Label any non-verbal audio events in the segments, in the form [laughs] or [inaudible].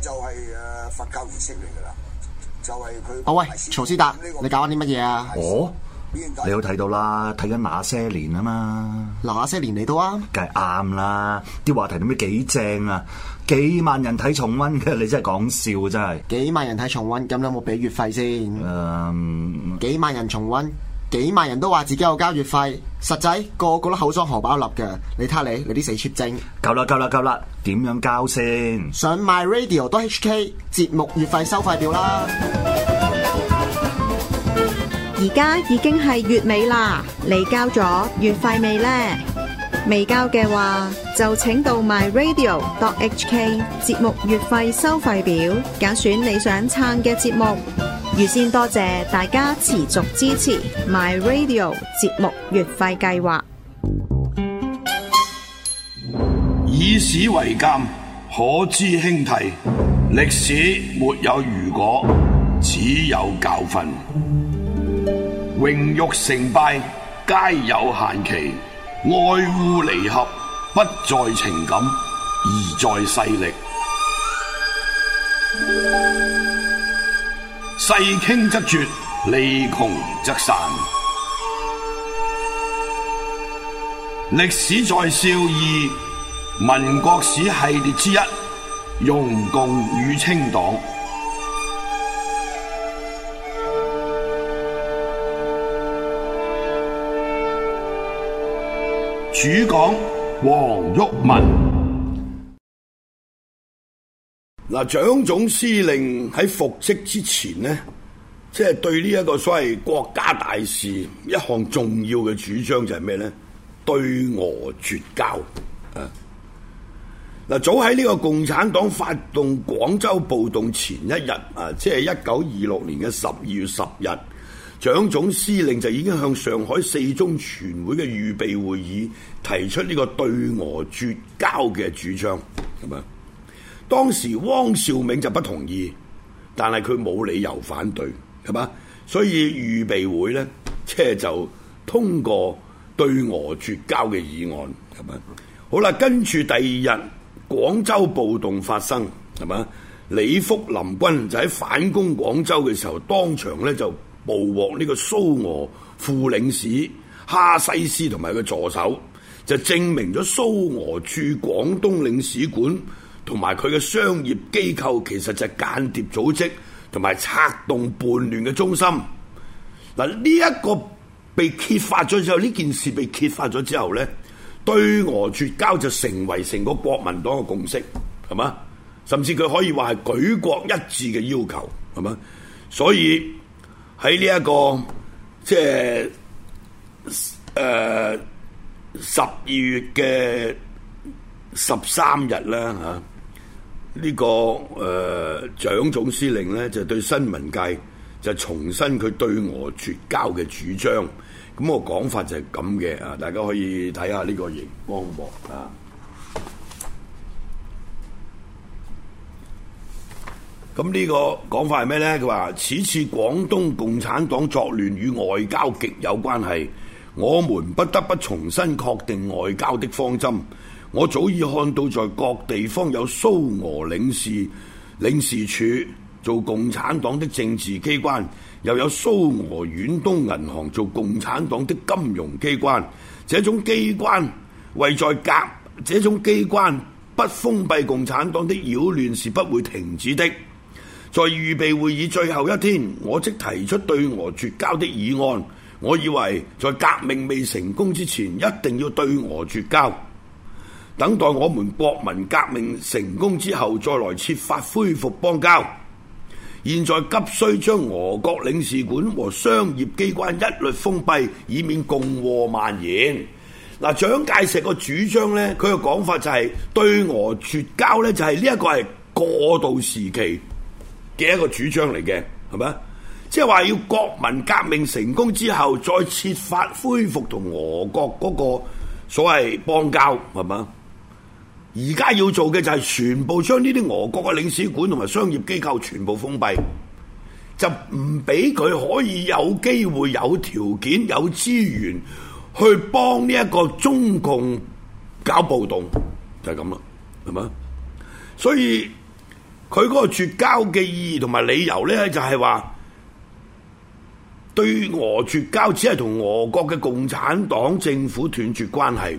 就係誒佛教儀式嚟噶啦，就係佢。哦喂，曹思達，你搞緊啲乜嘢啊？哦，你好睇到，到啦，睇緊那些年啊嘛。嗱，那些年嚟到啊？梗係啱啦，啲話題都咩幾正啊？幾萬人睇重温嘅，你真係講笑真係。幾萬人睇重温，咁你有冇俾月費先？誒，um, 幾萬人重温。幾萬人都話自己有交月費，實際個個個都口裝荷包粒嘅。你睇你，你啲死撮精！夠啦，夠啦，夠啦！點樣交先？上 myradio.hk 節目月費收費表啦。而家已經係月尾啦，你交咗月費未呢？未交嘅話，就請到 myradio.hk 節目月費收費表，揀選你想撐嘅節目。預先多謝大家持續支持 My Radio 節目月費計劃。以史為鑒，可知興替。歷史沒有如果，只有教訓。榮辱成敗皆有限期，愛惡離合不在情感，而在勢力。 [noise] 勢傾則絕，利窮則散。歷史在笑貳，民國史系列之一，容共與清黨。 [music] 主講：黃毓民。嗱，蔣總司令喺復職之前呢，即係、就是、對呢一個所謂國家大事一項重要嘅主張就係咩呢？對俄絕交啊！嗱，早喺呢個共產黨發動廣州暴動前一日啊，即係一九二六年嘅十二月十日，蔣總司令就已經向上海四中全會嘅預備會議提出呢個對俄絕交嘅主張，係咪？當時汪兆銘就不同意，但係佢冇理由反對，係嘛？所以預備會咧，即係就通過對俄絕交嘅議案，係嘛？好啦，跟住第二日廣州暴動發生，係嘛？李福林軍就喺反攻廣州嘅時候，當場咧就捕獲呢個蘇俄副領事哈西斯同埋佢助手，就證明咗蘇俄駐廣東領事館。同埋佢嘅商業機構其實就係間諜組織，同埋策動叛亂嘅中心。嗱，呢一個被揭發咗之後，呢件事被揭發咗之後咧，對俄絕交就成為成個國民黨嘅共識，係嘛？甚至佢可以話係舉國一致嘅要求，係嘛？所以喺呢一個即係誒十二月嘅十三日啦，嚇、啊。呢、這個誒、呃、蔣總司令呢，就對新聞界就重申佢對俄絕交嘅主張，咁我講法就係咁嘅啊！大家可以睇下呢個螢光幕。啊。咁呢個講法係咩呢？佢話：此次廣東共產黨作亂與外交極有關係，我們不得不重新確定外交的方針。我早已看到，在各地方有蘇俄領事領事處做共產黨的政治機關，又有蘇俄遠東銀行做共產黨的金融機關。這種機關為在革，這種機關不封閉共產黨的擾亂是不會停止的。在預備會議最後一天，我即提出對俄絕交的議案。我以為，在革命未成功之前，一定要對俄絕交。等待我們國民革命成功之後，再來設法恢復邦交。現在急需將俄國領事館和商業機關一律封閉，以免共禍蔓延。嗱，蔣介石個主張呢，佢嘅講法就係、是、對俄絕交呢，就係呢一個係過渡時期嘅一個主張嚟嘅，係咪？即係話要國民革命成功之後，再設法恢復同俄國嗰個所謂邦交，係咪？而家要做嘅就係全部將呢啲俄國嘅領事館同埋商業機構全部封閉，就唔俾佢可以有機會、有條件、有資源去幫呢一個中共搞暴動，就係咁啦，係嘛？所以佢嗰個絕交嘅意義同埋理由呢，就係，就係話對俄絕交只係同俄國嘅共產黨政府斷絕關係。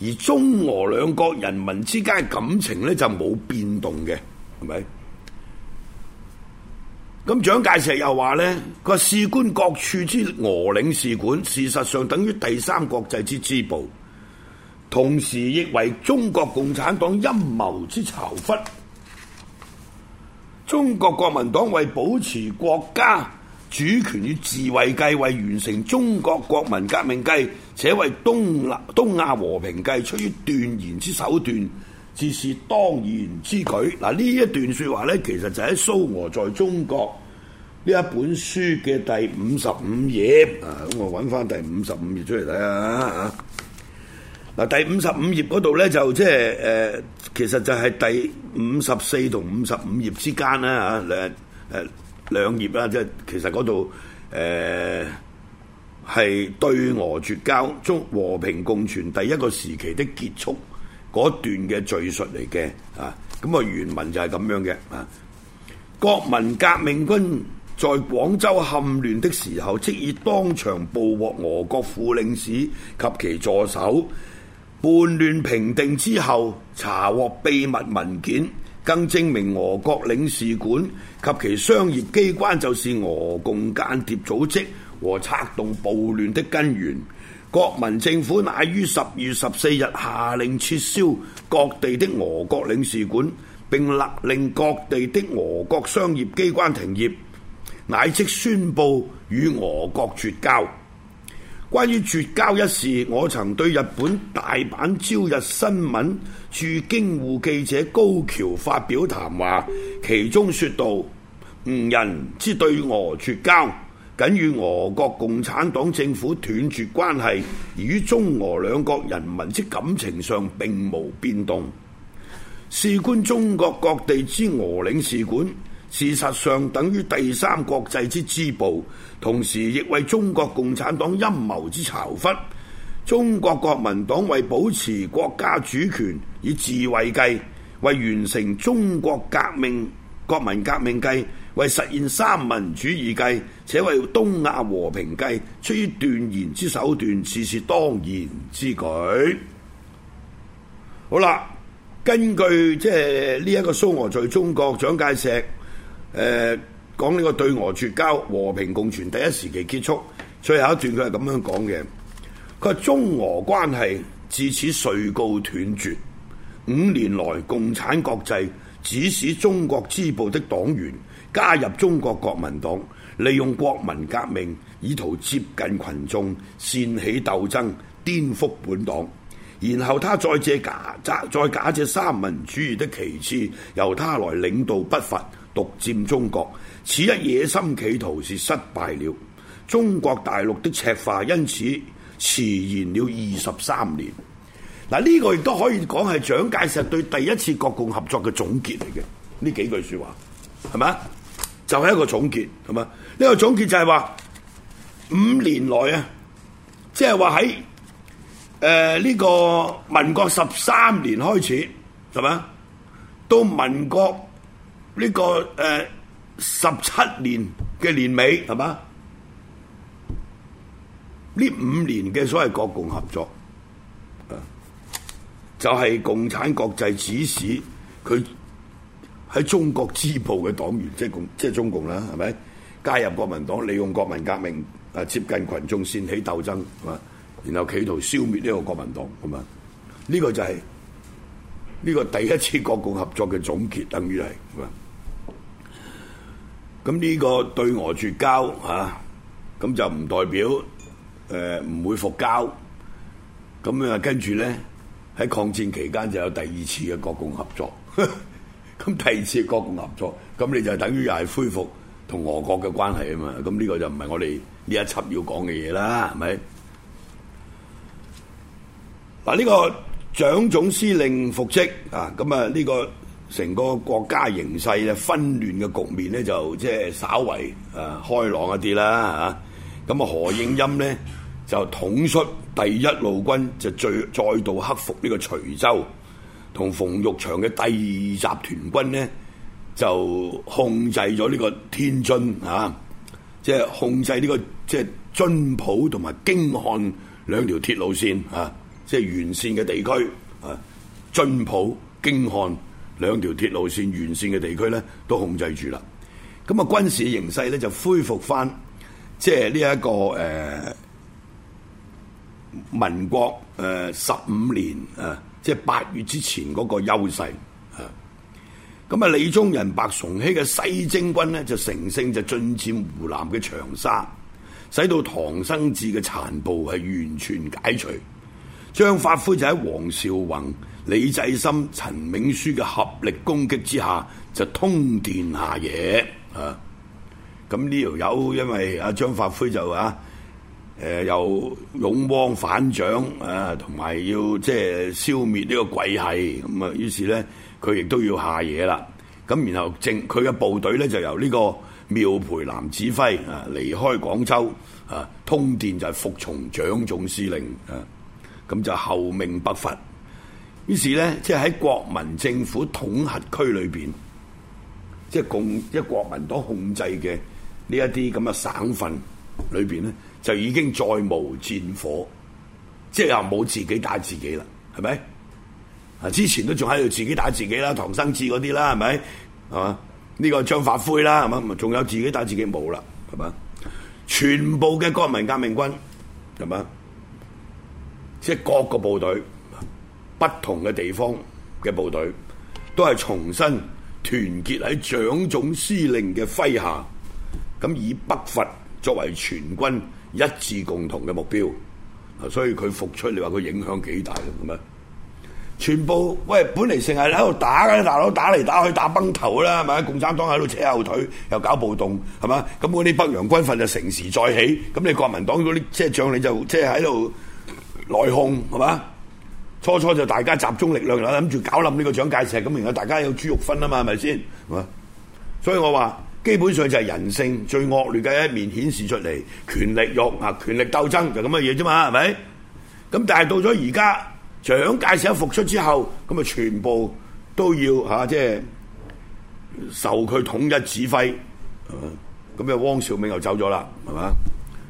而中俄兩國人民之間嘅感情呢，就冇變動嘅，係咪？咁蔣介石又話呢，佢話事關各處之俄領事館，事實上等於第三國際之支部，同時亦為中國共產黨陰謀之巢窟。中國國民黨為保持國家主權與自衛計，為完成中國國民革命計，且為東、東亞和平計，出於斷言之手段，自是當然之舉。嗱、啊，呢一段説話呢，其實就喺蘇俄在中國呢一本書嘅第五十五頁。啊，咁我揾翻第五十五頁出嚟睇下啊。嗱、啊，第五十五頁嗰度呢，就即係、呃、其實就係第五十四同五十五頁之間啦。啊，兩、啊啊兩頁啦，即係其實嗰度誒係對俄絕交中和平共存第一個時期的結束嗰段嘅敘述嚟嘅啊，咁啊原文就係咁樣嘅啊。國民革命軍在廣州陷亂的時候，即已當場捕獲俄國副領事及其助手。叛亂平定之後，查獲秘密文件。更證明俄國領事館及其商業機關就是俄共間諜組織和策動暴亂的根源。國民政府乃於十月十四日下令撤銷各地的俄國領事館，並勒令各地的俄國商業機關停業，乃即宣布與俄國絕交。關於絕交一事，我曾對日本大阪朝日新聞駐京滬記者高橋發表談話，其中説道：吾人之對俄絕交，僅與俄國共產黨政府斷絕關係，而與中俄兩國人民之感情上並無變動。事關中國各地之俄領事館。事實上等於第三國際之支部，同時亦為中國共產黨陰謀之巢窟。中國國民黨為保持國家主權，以自衛計，為完成中國革命、國民革命計，為實現三民主義計，且為東亞和平計，出於斷言之手段，此事當然之舉。好啦，根據即係呢一個蘇俄在中國，蔣介石。誒、呃、講呢個對俄絕交和平共存第一時期結束，最後一段佢係咁樣講嘅。佢中俄關係至此遂告斷絕。五年來，共產國際指使中國支部的黨員加入中國國民黨，利用國民革命以圖接近群眾，煽起鬥爭，顛覆本黨。然後他再借假再假借三民主義的旗幟，由他來領導北伐。」獨佔中國，此一野心企圖是失敗了。中國大陸的赤化因此遲延了二十三年。嗱，呢個亦都可以講係蔣介石對第一次國共合作嘅總結嚟嘅。呢幾句說話係咪？就係、是、一個總結，係嘛？呢、這個總結就係、是、話五年內啊，即係話喺誒呢個民國十三年開始，係嘛？到民國。呢個誒，十七年嘅年尾，係嘛？呢五年嘅所謂國共合作，啊，就係共產國際指使佢喺中國支部嘅黨員，即係共，即係中共啦，係咪？加入國民黨，利用國民革命啊，接近群眾，掀起鬥爭，係嘛？然後企圖消滅呢個國民黨，咁啊？呢個就係呢個第一次國共合作嘅總結，等於係，係嘛？咁呢個對俄絕交嚇，咁就唔代表誒唔會復交，咁啊跟住咧喺抗戰期間就有第二次嘅國共合作，咁第二次國共合作，咁你就等於又係恢復同俄國嘅關係啊嘛，咁呢個就唔係我哋呢一輯要講嘅嘢啦，係咪？嗱，呢個蔣總司令復職啊，咁啊呢個。成個國家形勢咧，紛亂嘅局面咧，就即係稍為啊開朗一啲啦嚇。咁啊，何應欽呢就統率第一路軍，就再再度克服呢個徐州，同馮玉祥嘅第二集團軍呢，就控制咗呢個天津嚇，即係控制呢個即係津浦同埋京漢兩條鐵路線嚇，即係沿線嘅地區啊，津浦、京漢。兩條鐵路線沿線嘅地區咧都控制住啦，咁啊軍事形勢咧就恢復翻，即係呢一個誒、呃、民國誒十五年誒、啊，即係八月之前嗰個優勢啊。咁啊，李宗仁、白崇禧嘅西征軍咧就乘勝就進佔湖南嘅長沙，使到唐生智嘅殘部係完全解除。張發奎就喺黃紹竑、李濟深、陳銘樞嘅合力攻擊之下，就通電下野啊！咁呢條友因為阿張發奎就啊，誒、啊呃、又勇往反掌啊，同埋要即係消滅呢個鬼係咁啊，於是咧佢亦都要下野啦。咁、啊、然後正佢嘅部隊咧就由呢個繆培南指揮啊，離開廣州啊，通電就係服從蔣總司令啊。咁就後命不伐。於是咧，即係喺國民政府統合區裏邊，即係共即係國民黨控制嘅呢一啲咁嘅省份裏邊咧，就已經再無戰火，即係又冇自己打自己啦，係咪？啊，之前都仲喺度自己打自己啦，唐生智嗰啲啦，係咪？係嘛，呢個張發奎啦，係嘛，咪仲有自己打自己冇啦，係嘛、這個，全部嘅國民革命軍，係嘛。即係各個部隊、不同嘅地方嘅部隊，都係重新團結喺蔣總司令嘅麾下，咁以北伐作為全軍一致共同嘅目標。啊，所以佢復出，你話佢影響幾大啊？咁啊，全部喂本嚟成日喺度打嘅大佬打嚟打去打崩頭啦，係咪？共產黨喺度扯後腿，又搞暴動，係嘛？咁嗰啲北洋軍閥就乘時再起，咁你國民黨嗰啲即係將領就即係喺度。內訌係嘛？初初就大家集中力量，諗住搞冧呢個蔣介石咁，而家大家有豬肉分啊嘛，係咪先？所以我，我話基本上就係人性最惡劣嘅一面顯示出嚟，權力欲啊，權力鬥爭就咁嘅嘢啫嘛，係咪？咁但係到咗而家蔣介石一復出之後，咁啊全部都要嚇，即係受佢統一指揮。咁啊，汪兆銘又走咗啦，係嘛？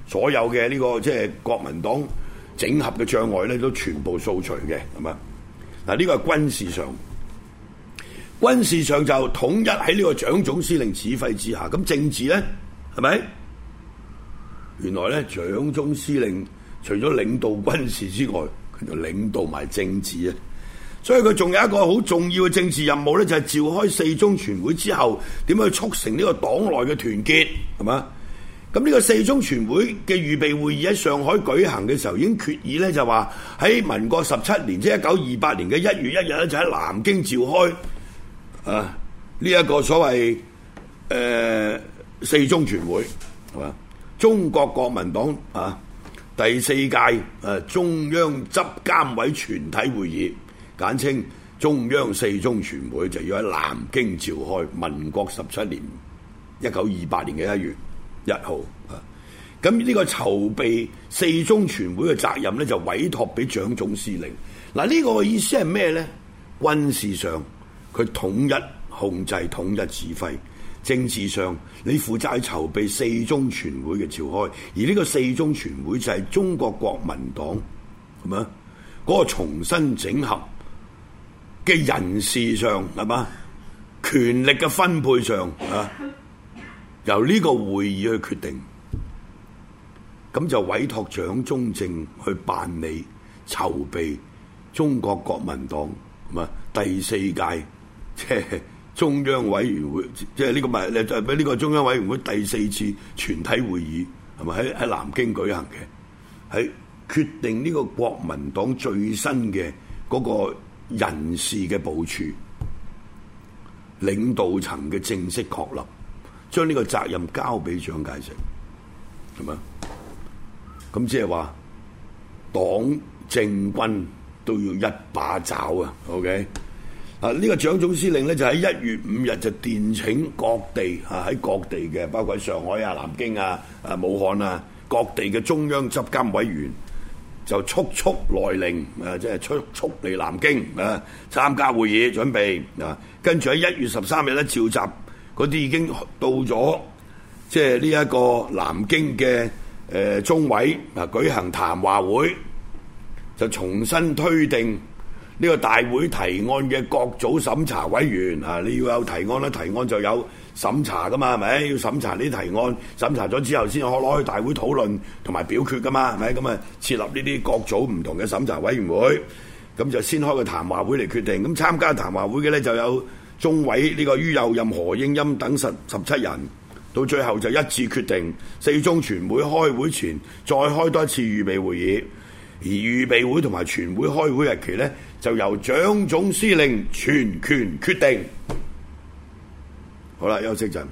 所有嘅呢個即係國民黨。整合嘅障礙咧，都全部掃除嘅，係嘛？嗱，呢個係軍事上，軍事上就統一喺呢個蔣總司令指揮之下。咁政治呢，係咪？原來呢蔣總司令除咗領導軍事之外，佢就領導埋政治啊。所以佢仲有一個好重要嘅政治任務呢，就係、是、召開四中全會之後，點樣去促成呢個黨內嘅團結，係嘛？咁呢個四中全會嘅預備會議喺上海舉行嘅時候，已經決議呢就話喺民國十七年，即一九二八年嘅一月一日咧，就喺南京召開啊呢一、這個所謂誒、呃、四中全會，係嘛？中國國民黨啊第四屆、啊、中央執監委全體會議，簡稱中央四中全會，就要喺南京召開。民國十七年一九二八年嘅一月。一號啊，咁、這、呢個籌備四中全會嘅責任呢，就委託俾蔣總司令。嗱、啊，呢、這個意思係咩呢？軍事上佢統一控制、統一指揮；政治上你負責去籌備四中全會嘅召開，而呢個四中全會就係中國國民黨係嘛嗰個重新整合嘅人事上係嘛權力嘅分配上啊。 [laughs] 由呢個會議去決定，咁就委託蔣中正去辦理籌備中國國民黨嘛第四屆即中央委員會，即係呢個咪就係俾呢個中央委員會第四次全體會議，係咪喺喺南京舉行嘅？喺決定呢個國民黨最新嘅嗰個人事嘅部署，領導層嘅正式確立。將呢個責任交俾蔣介石，係咪？咁即係話，黨政軍都要一把抓啊！OK，啊呢個蔣總司令呢，就喺一月五日就電請各地啊喺各地嘅，包括上海啊、南京啊、啊武漢啊，各地嘅中央執監委員就速速來令啊，即係速速嚟南京啊，參加會議準備啊，跟住喺一月十三日呢，召集。嗰啲已經到咗，即係呢一個南京嘅誒、呃、中委啊，舉行談話會，就重新推定呢個大會提案嘅各組審查委員啊，你要有提案咧，提案就有審查噶嘛，係咪？要審查呢啲提案，審查咗之後先可攞去大會討論同埋表決噶嘛，係咪？咁啊設立呢啲各組唔同嘅審查委員會，咁就先開個談話會嚟決定。咁參加談話會嘅咧就有。中委呢、這個于右任、何應欽等十十七人，到最後就一致決定四中全會開會前再開多一次預備會議，而預備會同埋全會開會日期呢，就由蔣總司令全權決定。好啦，休息陣。